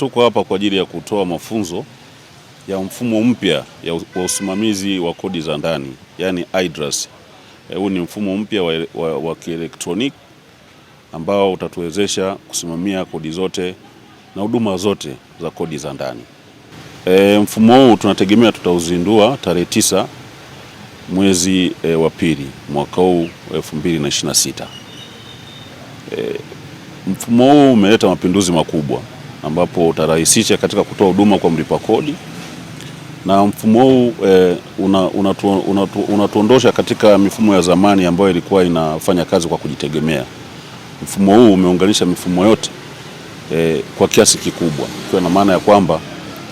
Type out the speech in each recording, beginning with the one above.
Tuko hapa kwa ajili ya kutoa mafunzo ya mfumo mpya wa usimamizi wa kodi za ndani, yani IDRAS. Eh, huu ni mfumo mpya wa, wa, wa kielektroniki ambao utatuwezesha kusimamia kodi zote na huduma zote za kodi za ndani. E, mfumo huu tunategemea tutauzindua tarehe tisa mwezi e, wa pili mwaka huu 2026. E, mfumo huu umeleta mapinduzi makubwa ambapo utarahisisha katika kutoa huduma kwa mlipa kodi na mfumo huu e, eh, unatuondosha una, una, una katika mifumo ya zamani ambayo ilikuwa inafanya kazi kwa kujitegemea. Mfumo huu umeunganisha mifumo yote e, kwa kiasi kikubwa, ikiwa na maana ya kwamba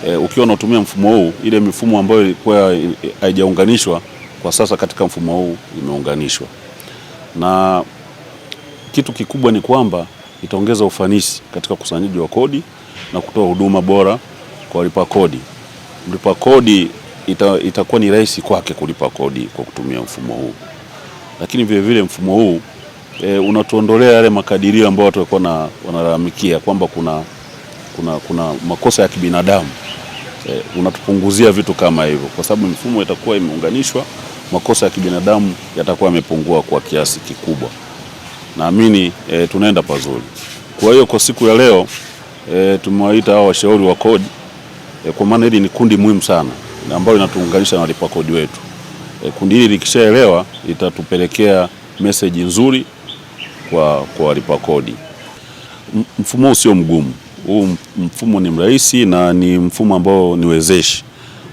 e, ukiwa unatumia mfumo huu, ile mifumo ambayo ilikuwa haijaunganishwa kwa sasa katika mfumo huu imeunganishwa, na kitu kikubwa ni kwamba itaongeza ufanisi katika ukusanyaji wa kodi na kutoa huduma bora kwa walipa kodi. Mlipa kodi ita, itakuwa ni rahisi kwake kulipa kodi kwa kutumia mfumo huu, lakini vilevile mfumo huu e, unatuondolea yale makadirio ambayo watu walikuwa wanalalamikia kwamba kuna, kuna, kuna makosa ya kibinadamu e, unatupunguzia vitu kama hivyo, kwa sababu mfumo itakuwa imeunganishwa, makosa ya kibinadamu yatakuwa yamepungua kwa kiasi kikubwa. Naamini e, tunaenda pazuri. Kwa hiyo kwa siku ya leo e, tumewaita hao washauri wa kodi e, kwa maana hili ni kundi muhimu sana ambalo linatuunganisha na walipa kodi wetu. E, kundi hili likishaelewa litatupelekea meseji nzuri kwa, kwa walipa kodi. Mfumo sio mgumu, huu mfumo ni mrahisi na ni mfumo ambao ni wezeshi.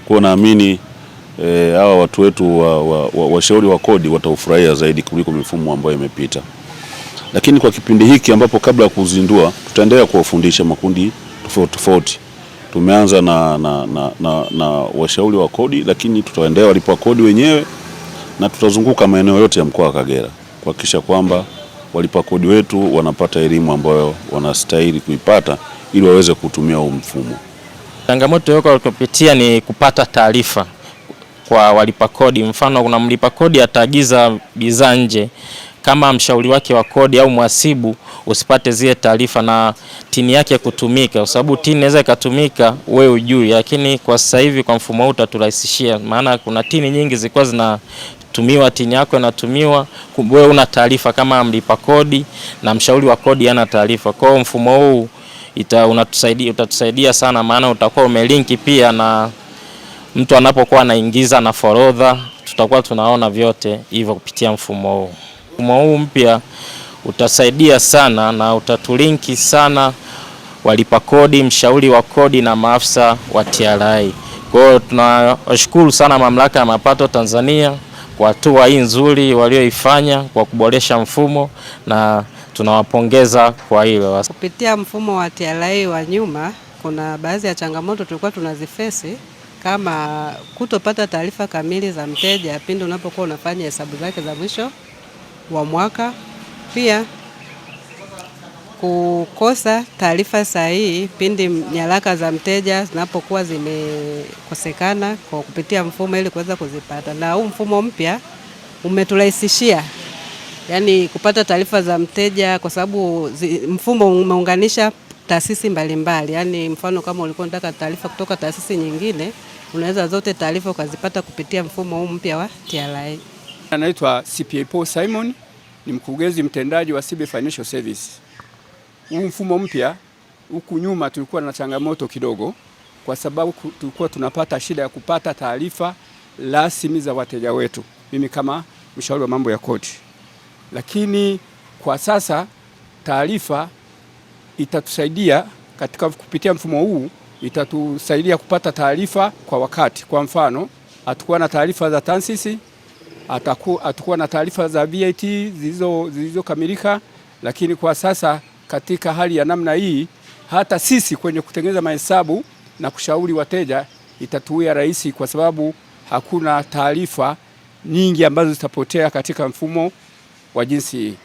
Kwa naamini e, hawa e, watu wetu washauri wa, wa, wa, wa kodi wataufurahia zaidi kuliko mifumo ambayo imepita. Lakini kwa kipindi hiki ambapo kabla ya kuzindua, tutaendelea kuwafundisha makundi tofauti tofauti. Tumeanza na, na, na, na, na washauri wa kodi, lakini tutaendelea walipa kodi wenyewe na tutazunguka maeneo yote ya mkoa wa Kagera kuhakikisha kwamba walipa kodi wetu wanapata elimu ambayo wanastahili kuipata ili waweze kutumia huu mfumo. Changamoto yoko walikopitia ni kupata taarifa kwa walipa kodi. Mfano, kuna mlipa kodi ataagiza bidhaa nje kama mshauri wake wa kodi au mhasibu usipate zile taarifa na tini yake kutumika, kwa sababu tini inaweza ikatumika wewe ujui. Lakini kwa sasa hivi kwa mfumo huu utaturahisishia, maana kuna tini nyingi zilikuwa zina tumiwa tini yako inatumiwa, wewe una taarifa kama mlipa kodi na mshauri wa kodi ana taarifa. Kwa hiyo mfumo huu ita, unatusaidia, utatusaidia sana, maana utakuwa umelinki pia na mtu anapokuwa anaingiza na forodha, tutakuwa tunaona vyote hivyo kupitia mfumo huu. Mfumo huu mpya utasaidia sana na utatulinki sana walipa kodi, mshauri wa kodi na maafisa wa TRA. Kwa hiyo tunawashukuru sana Mamlaka ya Mapato Tanzania kwa hatua hii nzuri walioifanya kwa kuboresha mfumo na tunawapongeza kwa hilo. Kupitia mfumo wa TRA wa nyuma, kuna baadhi ya changamoto tulikuwa tunazifesi kama kutopata taarifa kamili za mteja pindi unapokuwa unafanya hesabu zake za mwisho wa mwaka, pia kukosa taarifa sahihi pindi nyaraka za mteja zinapokuwa zimekosekana kwa kupitia mfumo ili kuweza kuzipata. Na huu mfumo mpya umeturahisishia yani kupata taarifa za mteja, kwa sababu mfumo umeunganisha taasisi mbalimbali. Yani mfano kama ulikuwa unataka taarifa kutoka taasisi nyingine, unaweza zote taarifa ukazipata kupitia mfumo huu mpya wa TRA. Anaitwa CPA Paul Simon, ni mkurugenzi mtendaji wa cb Financial Service. Huu mfumo mpya, huku nyuma tulikuwa na changamoto kidogo, kwa sababu tulikuwa tunapata shida ya kupata taarifa rasmi za wateja wetu, mimi kama mshauri wa mambo ya kodi. Lakini kwa sasa taarifa itatusaidia katika kupitia mfumo huu itatusaidia kupata taarifa kwa wakati. Kwa mfano, hatukuwa na taarifa za taasisi ataku, atakuwa na taarifa za VAT zilizokamilika, lakini kwa sasa katika hali ya namna hii hata sisi kwenye kutengeneza mahesabu na kushauri wateja itatuia rahisi, kwa sababu hakuna taarifa nyingi ambazo zitapotea katika mfumo wa jinsi hii.